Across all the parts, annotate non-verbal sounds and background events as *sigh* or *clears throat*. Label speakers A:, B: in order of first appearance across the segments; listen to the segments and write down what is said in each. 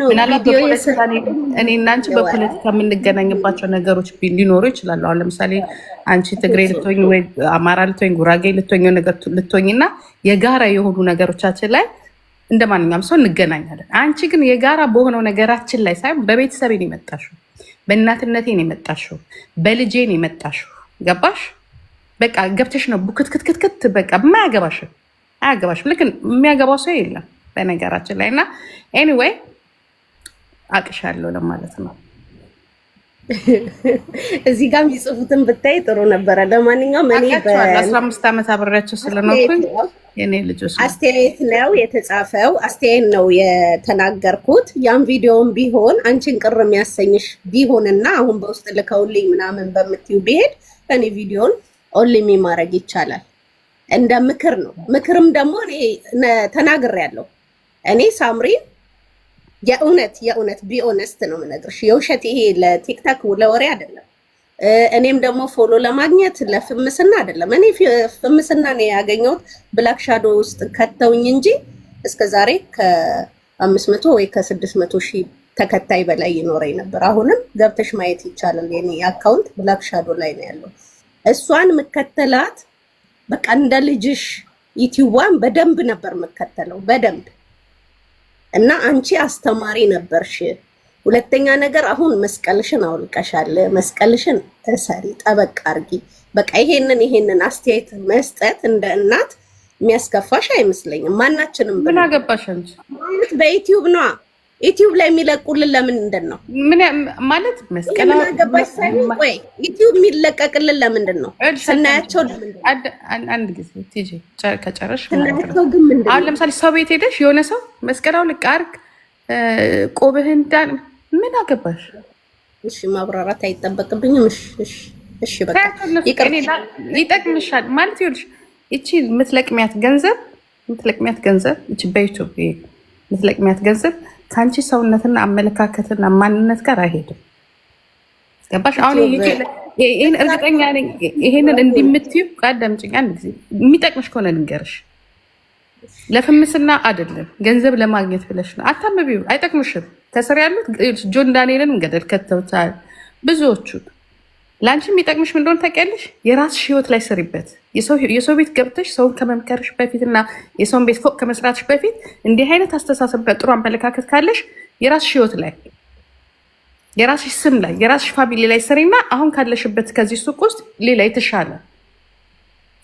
A: ምናልባት በፖለቲካ እኔ እና አንቺ በፖለቲካ የምንገናኝባቸው ነገሮች ሊኖሩ ይችላሉ። አሁን ለምሳሌ አንቺ ትግሬ ልትሆኝ ወይ አማራ ልትሆኝ፣ ጉራጌ ልትሆኝ ነገር ልትሆኝ እና የጋራ የሆኑ ነገሮቻችን ላይ እንደ ማንኛውም ሰው እንገናኛለን። አንቺ ግን የጋራ በሆነው ነገራችን ላይ ሳይሆን በቤተሰቤ ነው የመጣሽው፣ በእናትነቴ ነው የመጣሽው፣ በልጄ ነው የመጣሽው። ገባሽ? በቃ ገብተሽ ነው ቡክትክትክትክት በቃ የማያገባሽ አያገባሽም። ልክ የሚያገባው ሰው የለም በነገራችን ላይ እና ኤኒዌይ አቅሻለሁ ለማለት ነው።
B: *laughs* እዚህ ጋር የሚጽፉትን ብታይ ጥሩ ነበረ። ለማንኛውም
A: እኔ በአስራ አምስት ዓመት አብሬያቸው ስለኖርኩኝ የኔ ልጆች
B: አስተያየት ነው የተጻፈው፣ አስተያየት ነው የተናገርኩት። ያን ቪዲዮም ቢሆን አንቺን ቅር የሚያሰኝሽ ቢሆንና አሁን በውስጥ ልከውልኝ ምናምን በምትዩ ቢሄድ እኔ ቪዲዮን ኦልሚ ማድረግ ይቻላል። እንደ ምክር ነው። ምክርም ደግሞ እኔ ተናግሬያለሁ እኔ ሳምሪን የእውነት የእውነት ቢኦነስት ነው የምነግርሽ። የውሸት ይሄ ለቲክታክ ለወሬ አይደለም። እኔም ደግሞ ፎሎ ለማግኘት ለፍምስና አይደለም። እኔ ፍምስና ነው ያገኘሁት ብላክ ሻዶ ውስጥ ከተውኝ እንጂ እስከ ዛሬ ከአምስት መቶ ወይ ከስድስት መቶ ሺህ ተከታይ በላይ ይኖረኝ ነበር። አሁንም ገብተሽ ማየት ይቻላል። የኔ አካውንት ብላክ ሻዶ ላይ ነው ያለው። እሷን ምከተላት በቃ እንደ ልጅሽ ዩቲዋን በደንብ ነበር የምከተለው በደንብ እና አንቺ አስተማሪ ነበርሽ። ሁለተኛ ነገር አሁን መስቀልሽን አውልቀሻል። መስቀልሽን እሰሪ፣ ጠበቅ አርጊ። በቃ ይሄንን ይሄንን አስተያየት መስጠት እንደ እናት የሚያስከፋሽ አይመስለኝም። ማናችንም
A: ምን አገባሽ አንቺ
B: ማለት በዩቲዩብ ነዋ ዩቲዩብ ላይ የሚለቁልን ለምንድን ነው?
A: ምን ማለት መስቀል
B: ገባሽ ሳይሆን ቆይ ዩቲዩብ የሚለቀቅልን ለምንድን ነው? ስናያቸው
A: አንድ ጊዜ ቲጂ ከጨረሽ ስናያቸው ግን ምንድን ነው? አሁን ለምሳሌ ሰው ቤት ሄደሽ የሆነ ሰው መስቀላው ልቅ አርግ ቆብህን ዳን ምን አገባሽ?
B: እሺ ማብራራት አይጠበቅብኝም። እሺ በቃ
A: ይጠቅምሻል ማለት ይኸውልሽ፣ ይቺ የምትለቅሚያት ገንዘብ የምትለቅሚያት ገንዘብ ይቺ በዩቱብ የምትለቅሚያት ገንዘብ ከአንቺ ሰውነትና አመለካከትና ማንነት ጋር አይሄድም። ገባሽ? አሁን ይህን እርግጠኛ ነኝ። ይሄንን እንዲምትዩ አዳምጪኝ። አንድ ጊዜ የሚጠቅምሽ ከሆነ ልንገርሽ። ለፍምስና አይደለም ገንዘብ ለማግኘት ብለሽ ነው። አታምቢው፣ አይጠቅምሽም። ከስር ያሉት ጆን ዳንኤልን ገደል ከተውታል ብዙዎቹን ለአንቺ የሚጠቅምሽ ምንደሆን ታውቂያለሽ? የራስሽ ህይወት ላይ ስሪበት። የሰው ቤት ገብተሽ ሰውን ከመምከርሽ በፊት እና የሰውን ቤት ፎቅ ከመስራትሽ በፊት እንዲህ አይነት አስተሳሰብ ጥሩ አመለካከት ካለሽ የራስሽ ህይወት ላይ የራስሽ ስም ላይ የራስሽ ፋሚሊ ላይ ስሪና አሁን ካለሽበት ከዚህ ሱቅ ውስጥ ሌላ የተሻለ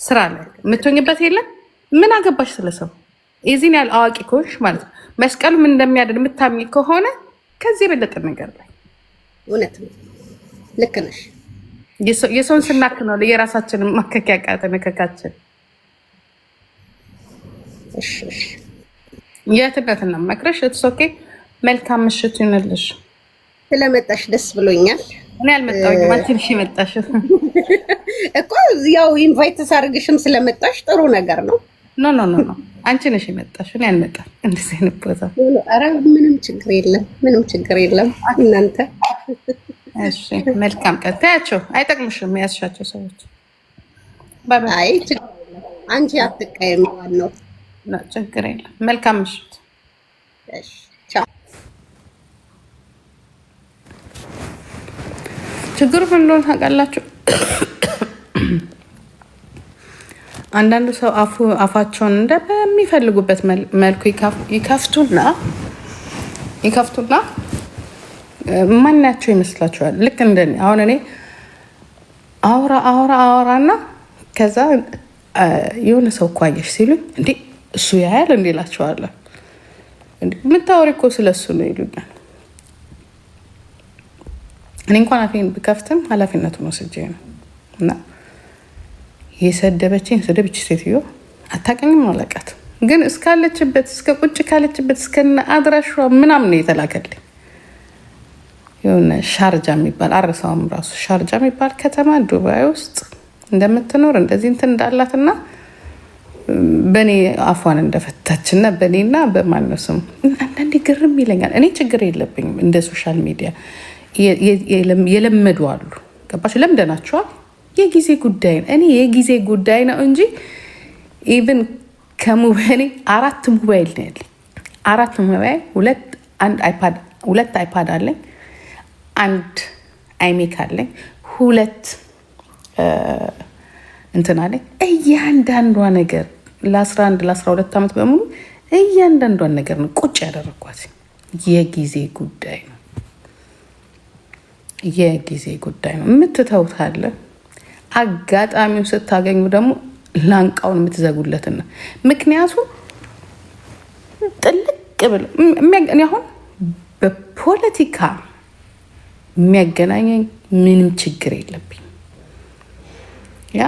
A: ስራ ላይ የምትሆኝበት የለም። ምን አገባሽ ስለሰው የዚህን ያህል አዋቂ ከሆንሽ ማለት ነው። መስቀሉ ምን እንደሚያደርግ የምታምኝ ከሆነ ከዚህ የበለጠ ነገር ላይ
B: እውነት ልክ ነሽ።
A: የሰውን ስናክ ነው የራሳችን ማከክ ያቃተ መከካችን የትነት ነው መክረሽ እትሶኬ መልካም ምሽት ይሁንልሽ።
B: ስለመጣሽ ደስ ብሎኛል።
A: እኔ አልመጣሁኝም አንቺ ነሽ የመጣሽው
B: *laughs* እኮ ያው ኢንቫይት ሳርግሽም ስለመጣሽ ጥሩ ነገር ነው።
A: ኖ ኖ ኖ ኖ አንቺ ነሽ የመጣሽው እኔ አልመጣም። እንደዚህ አይነት ቦታ
B: ኧረ ምንም ችግር የለም፣ ምንም ችግር የለም እናንተ
A: መልካም ቀን ታያቸው። አይጠቅምሽም የያዝሻቸው ሰዎች።
B: አንቺ አትቀይም ነው
A: ችግር የለም። መልካም ምሽት። ችግሩ ምን እንደሆነ ታውቃላችሁ? አንዳንዱ ሰው አፋቸውን እንደ በሚፈልጉበት መልኩ ይከፍቱና ይከፍቱና ማናቸው ይመስላችኋል? ልክ እንደ አሁን እኔ አውራ አውራ አውራ እና ከዛ የሆነ ሰው እኮ አየሽ ሲሉኝ እንዴ እሱ ያህል እንዲ ላቸዋለሁ። የምታወሪ እኮ ስለ እሱ ነው ይሉኛል። እኔ እንኳን አፌን ብከፍትም ኃላፊነቱን ወስጄ ነው እና የሰደበችኝ ስደብች ሴትዮ አታቀኝም አለቃት ግን እስካለችበት እስከ ቁጭ ካለችበት እስከነ አድራሿ ምናምን ነው የተላከልኝ። የሆነ ሻርጃ የሚባል አረሳውም ራሱ ሻርጃ የሚባል ከተማ ዱባይ ውስጥ እንደምትኖር እንደዚህ እንትን እንዳላትና በእኔ አፏን እንደፈታች እና በማነው በማነሱም አንዳንዴ ግርም ይለኛል። እኔ ችግር የለብኝም። እንደ ሶሻል ሚዲያ የለመዱ አሉ። ገባቸው ለምደናቸዋል። የጊዜ ጉዳይ ነው። እኔ የጊዜ ጉዳይ ነው እንጂ ኢቨን ከሙበኔ አራት ሞባይል ነው ያለኝ። አራት ሞባይል፣ ሁለት አንድ አይፓድ፣ ሁለት አይፓድ አለኝ አንድ አይሜክ አለኝ፣ ሁለት እንትን አለኝ። እያንዳንዷ ነገር ለ11 ለ12 ዓመት በሙሉ እያንዳንዷን ነገር ነው ቁጭ ያደረግኳት። የጊዜ ጉዳይ ነው፣ የጊዜ ጉዳይ ነው። የምትተውታለ አጋጣሚው ስታገኙ ደግሞ ላንቃውን የምትዘጉለት ነው። ምክንያቱም ጥልቅ ብለው አሁን በፖለቲካ የሚያገናኘኝ ምንም ችግር የለብኝ። ያ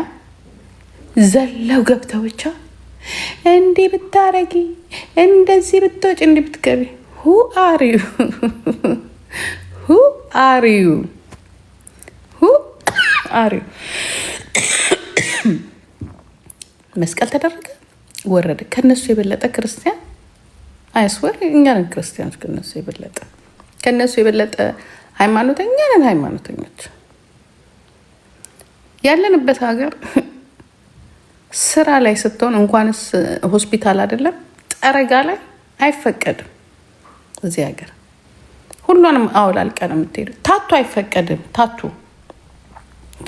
A: ዘለው ገብተው ብቻ እንዲህ ብታረጊ እንደዚህ ብትወጭ እንዲህ ብትገቢ ሁ አር ዩ ሁ አር ዩ ሁ አር ዩ መስቀል ተደረገ ወረደ። ከነሱ የበለጠ ክርስቲያን አይስወር እኛ ነን ክርስቲያኖች። ከነሱ የበለጠ ከነሱ የበለጠ ሃይማኖተኛ ነን። ሃይማኖተኞች ያለንበት ሀገር *laughs* ስራ ላይ ስትሆን እንኳንስ ሆስፒታል አይደለም ጠረጋ ላይ አይፈቀድም። እዚህ ሀገር ሁሉንም አወላልቀ ነው የምትሄዱ። ታቱ አይፈቀድም። ታቱ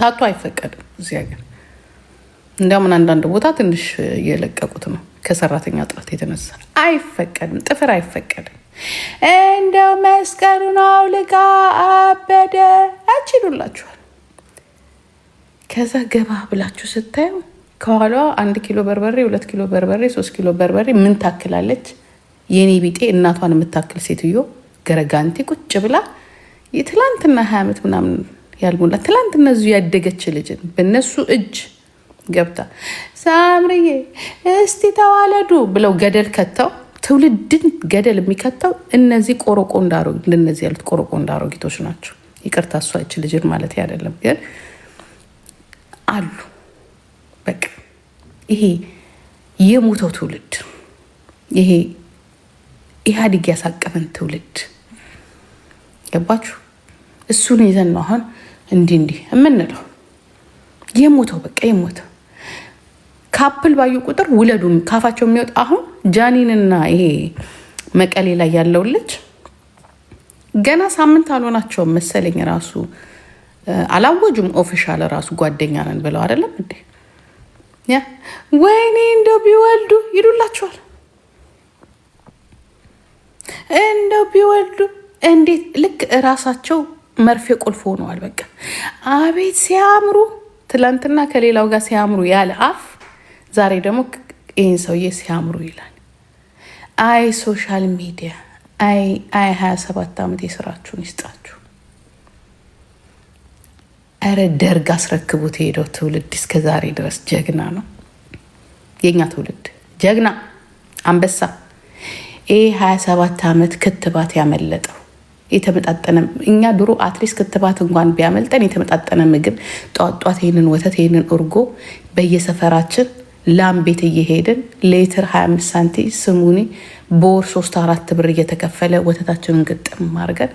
A: ታቱ አይፈቀድም እዚህ ሀገር። እንዲያውም አንዳንድ ቦታ ትንሽ እየለቀቁት ነው ከሰራተኛ ጥረት የተነሳ አይፈቀድም። ጥፍር አይፈቀድም። እንደው መስቀሉን አውልቃ አበደ አችሉላችኋል። ከዛ ገባ ብላችሁ ስታዩ ከኋላዋ አንድ ኪሎ በርበሬ፣ ሁለት ኪሎ በርበሬ፣ ሶስት ኪሎ በርበሬ ምን ታክላለች? የኔ ቢጤ እናቷን የምታክል ሴትዮ ገረጋንቲ ቁጭ ብላ የትላንትና ሀያ ዓመት ምናምን ያልሞላ ትላንትና እነዚሁ ያደገች ልጅን በእነሱ እጅ ገብታ ሳምርዬ እስቲ ተዋለዱ ብለው ገደል ከተው ትውልድን ገደል የሚከተው እነዚህ ቆሮቆ እንደነዚህ ያሉት ቆሮቆ እንዳሮጊቶች ናቸው። ይቅርታ እሷ ይች ልጅን ማለት አይደለም ግን አሉ። በቃ ይሄ የሞተው ትውልድ ይሄ ኢህአዴግ ያሳቀፈን ትውልድ ገባችሁ? እሱን ይዘን ነው አሁን እንዲህ እንዲህ የምንለው የሞተው በቃ የሞተው ካፕል ባዩ ቁጥር ውለዱ ካፋቸው የሚወጣ አሁን ጃኒንና ይሄ መቀሌ ላይ ያለው ልጅ ገና ሳምንት አልሆናቸውም መሰለኝ። ራሱ አላወጁም ኦፊሻል ራሱ ጓደኛ ነን ብለው አይደለም እንዴ? ያ ወይኔ እንደው ቢወልዱ ይሉላችኋል። እንደው ቢወልዱ እንዴት ልክ እራሳቸው መርፌ ቁልፍ ሆነዋል። በቃ አቤት ሲያምሩ ትላንትና ከሌላው ጋር ሲያምሩ ያለ አፍ ዛሬ ደግሞ ይህን ሰውዬ ሲያምሩ ይላል። አይ ሶሻል ሚዲያ አይ አይ ሀያ ሰባት ዓመት የስራችሁን ይስጣችሁ። እረ ደርግ አስረክቡት የሄደው ትውልድ እስከ ዛሬ ድረስ ጀግና ነው። የኛ ትውልድ ጀግና አንበሳ። ይህ ሀያ ሰባት ዓመት ክትባት ያመለጠው የተመጣጠነ እኛ ድሮ አትሊስት ክትባት እንኳን ቢያመልጠን የተመጣጠነ ምግብ ጧጧት፣ ይህንን ወተት፣ ይህንን እርጎ በየሰፈራችን ላም ቤት እየሄድን ሌትር 25 ሳንቲ ስሙኒ በወር 34 አራት ብር እየተከፈለ ወተታችንን ግጥም አድርገን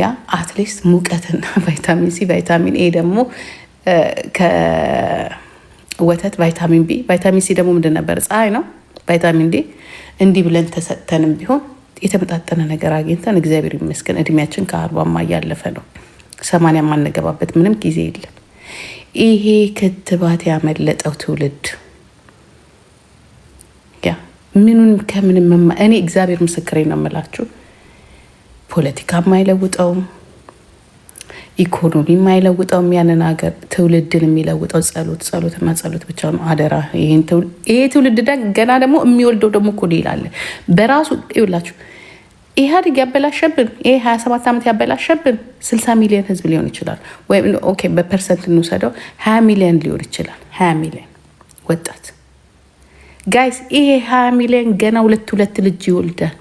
A: ያ አትሊስት ሙቀትና *laughs* ቫይታሚን ሲ ቫይታሚን ኤ ደግሞ ከወተት ቫይታሚን ቢ ቫይታሚን ሲ ደግሞ ምንድን ነበር? ፀሐይ ነው። ቫይታሚን ዲ እንዲህ ብለን ተሰጥተንም ቢሆን የተመጣጠነ ነገር አግኝተን እግዚአብሔር ይመስገን እድሜያችን ከአርባማ እያለፈ ነው። ሰማንያ ማንገባበት ምንም ጊዜ የለም። ይሄ ክትባት ያመለጠው ትውልድ ምኑን ከምንም እኔ እግዚአብሔር ምስክሬ ነው የምላችሁ፣ ፖለቲካም አይለውጠውም፣ ኢኮኖሚም አይለውጠውም። ያንን ሀገር ትውልድን የሚለውጠው ጸሎት፣ ጸሎትና ጸሎት ብቻ ነው። አደራ ይሄ ትውልድ ገና ደግሞ የሚወልደው ደግሞ እኮ ሌላ አለ በራሱ ይውላችሁ ኢህአዴግ ያበላሸብን ይሄ 27 ዓመት ያበላሸብን 60 ሚሊዮን ህዝብ ሊሆን ይችላል። ወይም ኦኬ በፐርሰንት እንውሰደው 20 ሚሊዮን ሊሆን ይችላል። 20 ሚሊዮን ወጣት ጋይስ ይሄ ሀያ ሚሊዮን ገና ሁለት ሁለት ልጅ ይወልዳል።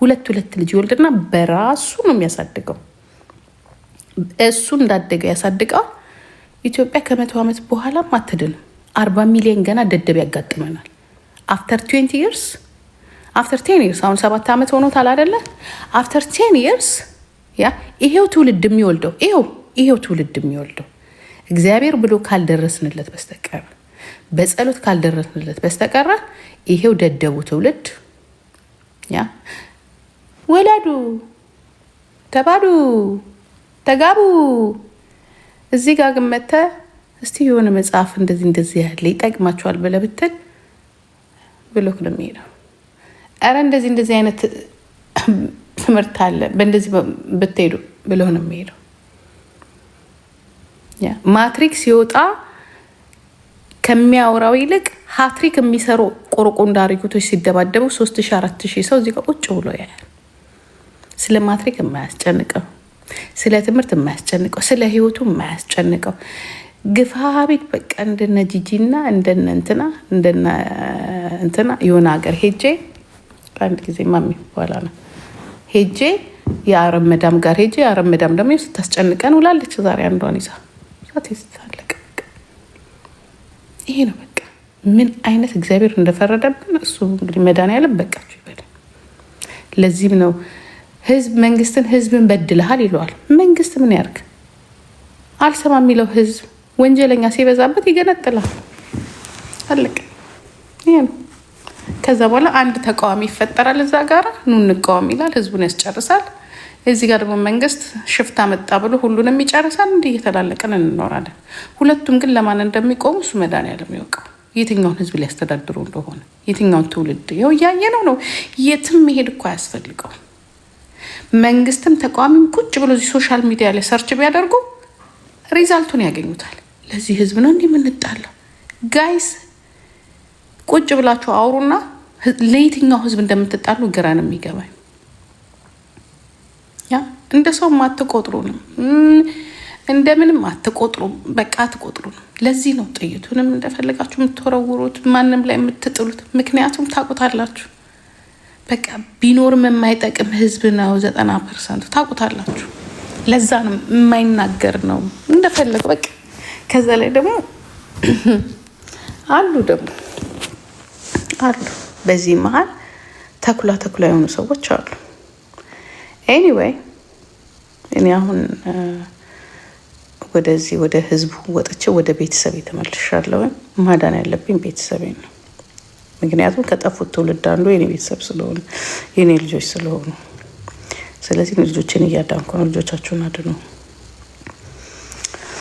A: ሁለት ሁለት ልጅ ይወልድና በራሱ ነው የሚያሳድገው። እሱ እንዳደገ ያሳድገዋል። ኢትዮጵያ ከመቶ ዓመት በኋላም አትድንም። አርባ ሚሊዮን ገና ደደብ ያጋጥመናል። አፍተር ትዌንቲ ይርስ አፍተር ቴን ይርስ አሁን ሰባት ዓመት ሆኖታል አይደለ? አፍተር ቴን ይርስ ያ ይሄው ትውልድ የሚወልደው ይሄው ይሄው ትውልድ የሚወልደው እግዚአብሔር ብሎ ካልደረስንለት በስተቀር በጸሎት ካልደረስንለት በስተቀረ ይሄው ደደቡ ትውልድ ያ ወለዱ፣ ተባዱ፣ ተጋቡ። እዚህ ጋር ግን መተህ እስቲ የሆነ መጽሐፍ እንደዚህ እንደዚህ ያለ ይጠቅማቸዋል ብለህ ብትል ብሎክ ነው የሚሄደው። ኧረ እንደዚህ እንደዚህ አይነት ትምህርት አለ በእንደዚህ ብትሄዱ ብሎ ነው የሚሄደው። ማትሪክስ ይወጣ። ከሚያወራው ይልቅ ሀትሪክ የሚሰሩ ቆርቆ ሪኩቶች ሲደባደቡ ሶስት ሺ አራት ሺ ሰው እዚህ ጋር ቁጭ ብሎ ያያል። ስለ ማትሪክ የማያስጨንቀው፣ ስለ ትምህርት የማያስጨንቀው፣ ስለ ህይወቱ የማያስጨንቀው ግፋቢት በቃ እንደነ ጂጂና እንደነ እንትና እንደነ እንትና የሆነ ሀገር ሄጄ አንድ ጊዜ ማሚ በኋላ ነው ሄጄ የአረመዳም ጋር ሄጄ የአረመዳም ደግሞ ስታስጨንቀን ውላለች። ዛሬ አንዷን ይዛ ዛት ይሄ ነው በቃ። ምን አይነት እግዚአብሔር እንደፈረደብን እሱ እንግዲህ መድኃኒዓለም በቃችሁ ይበል። ለዚህም ነው ህዝብ መንግስትን ህዝብን በድልሃል ይለዋል። መንግስት ምን ያርግ አልሰማ የሚለው ህዝብ ወንጀለኛ ሲበዛበት ይገነጥላል። አለቀ። ይሄ ነው። ከዛ በኋላ አንድ ተቃዋሚ ይፈጠራል። እዛ ጋር ኑ እንቃወም ይላል። ህዝቡን ያስጨርሳል። እዚህ ጋር ደግሞ መንግስት ሽፍታ መጣ ብሎ ሁሉንም ይጨርሳል። እንዲህ እየተላለቀን እንኖራለን። ሁለቱም ግን ለማን እንደሚቆሙ እሱ መድኃኒዓለም ያውቃል። የትኛውን ህዝብ ሊያስተዳድሩ እንደሆነ የትኛውን ትውልድ ይኸው እያየነው ነው። የትም መሄድ እኮ አያስፈልገው። መንግስትም ተቃዋሚም ቁጭ ብሎ እዚህ ሶሻል ሚዲያ ላይ ሰርች ቢያደርጉ ሪዛልቱን ያገኙታል። ለዚህ ህዝብ ነው እንዲህ የምንጣለው። ጋይስ ቁጭ ብላችሁ አውሩና ለየትኛው ህዝብ እንደምትጣሉ ግራ ነው የሚገባኝ። ያ እንደ ሰውም አትቆጥሩንም፣ እንደምንም አትቆጥሩም። በቃ አትቆጥሩም። ለዚህ ነው ጥይቱንም እንደፈለጋችሁ የምትወረውሩት፣ ማንም ላይ የምትጥሉት። ምክንያቱም ታውቁታላችሁ። በቃ ቢኖርም የማይጠቅም ህዝብ ነው። ዘጠና ፐርሰንት ታውቁታላችሁ። ለዛ ነው የማይናገር ነው እንደፈለገ በቃ። ከዛ ላይ ደግሞ *clears throat* አሉ ደግሞ አሉ በዚህ መሀል ተኩላ ተኩላ የሆኑ ሰዎች አሉ። ኤኒዌይ እኔ አሁን ወደዚህ ወደ ህዝቡ ወጥቼ ወደ ቤተሰብ የተመልሻለሁ። ማዳን ያለብኝ ቤተሰቤ ነው። ምክንያቱም ከጠፉት ትውልድ አንዱ የኔ ቤተሰብ ስለሆኑ የኔ ልጆች ስለሆኑ፣ ስለዚህ ልጆችን እያዳንኩ ነው። ልጆቻችሁን አድኑ።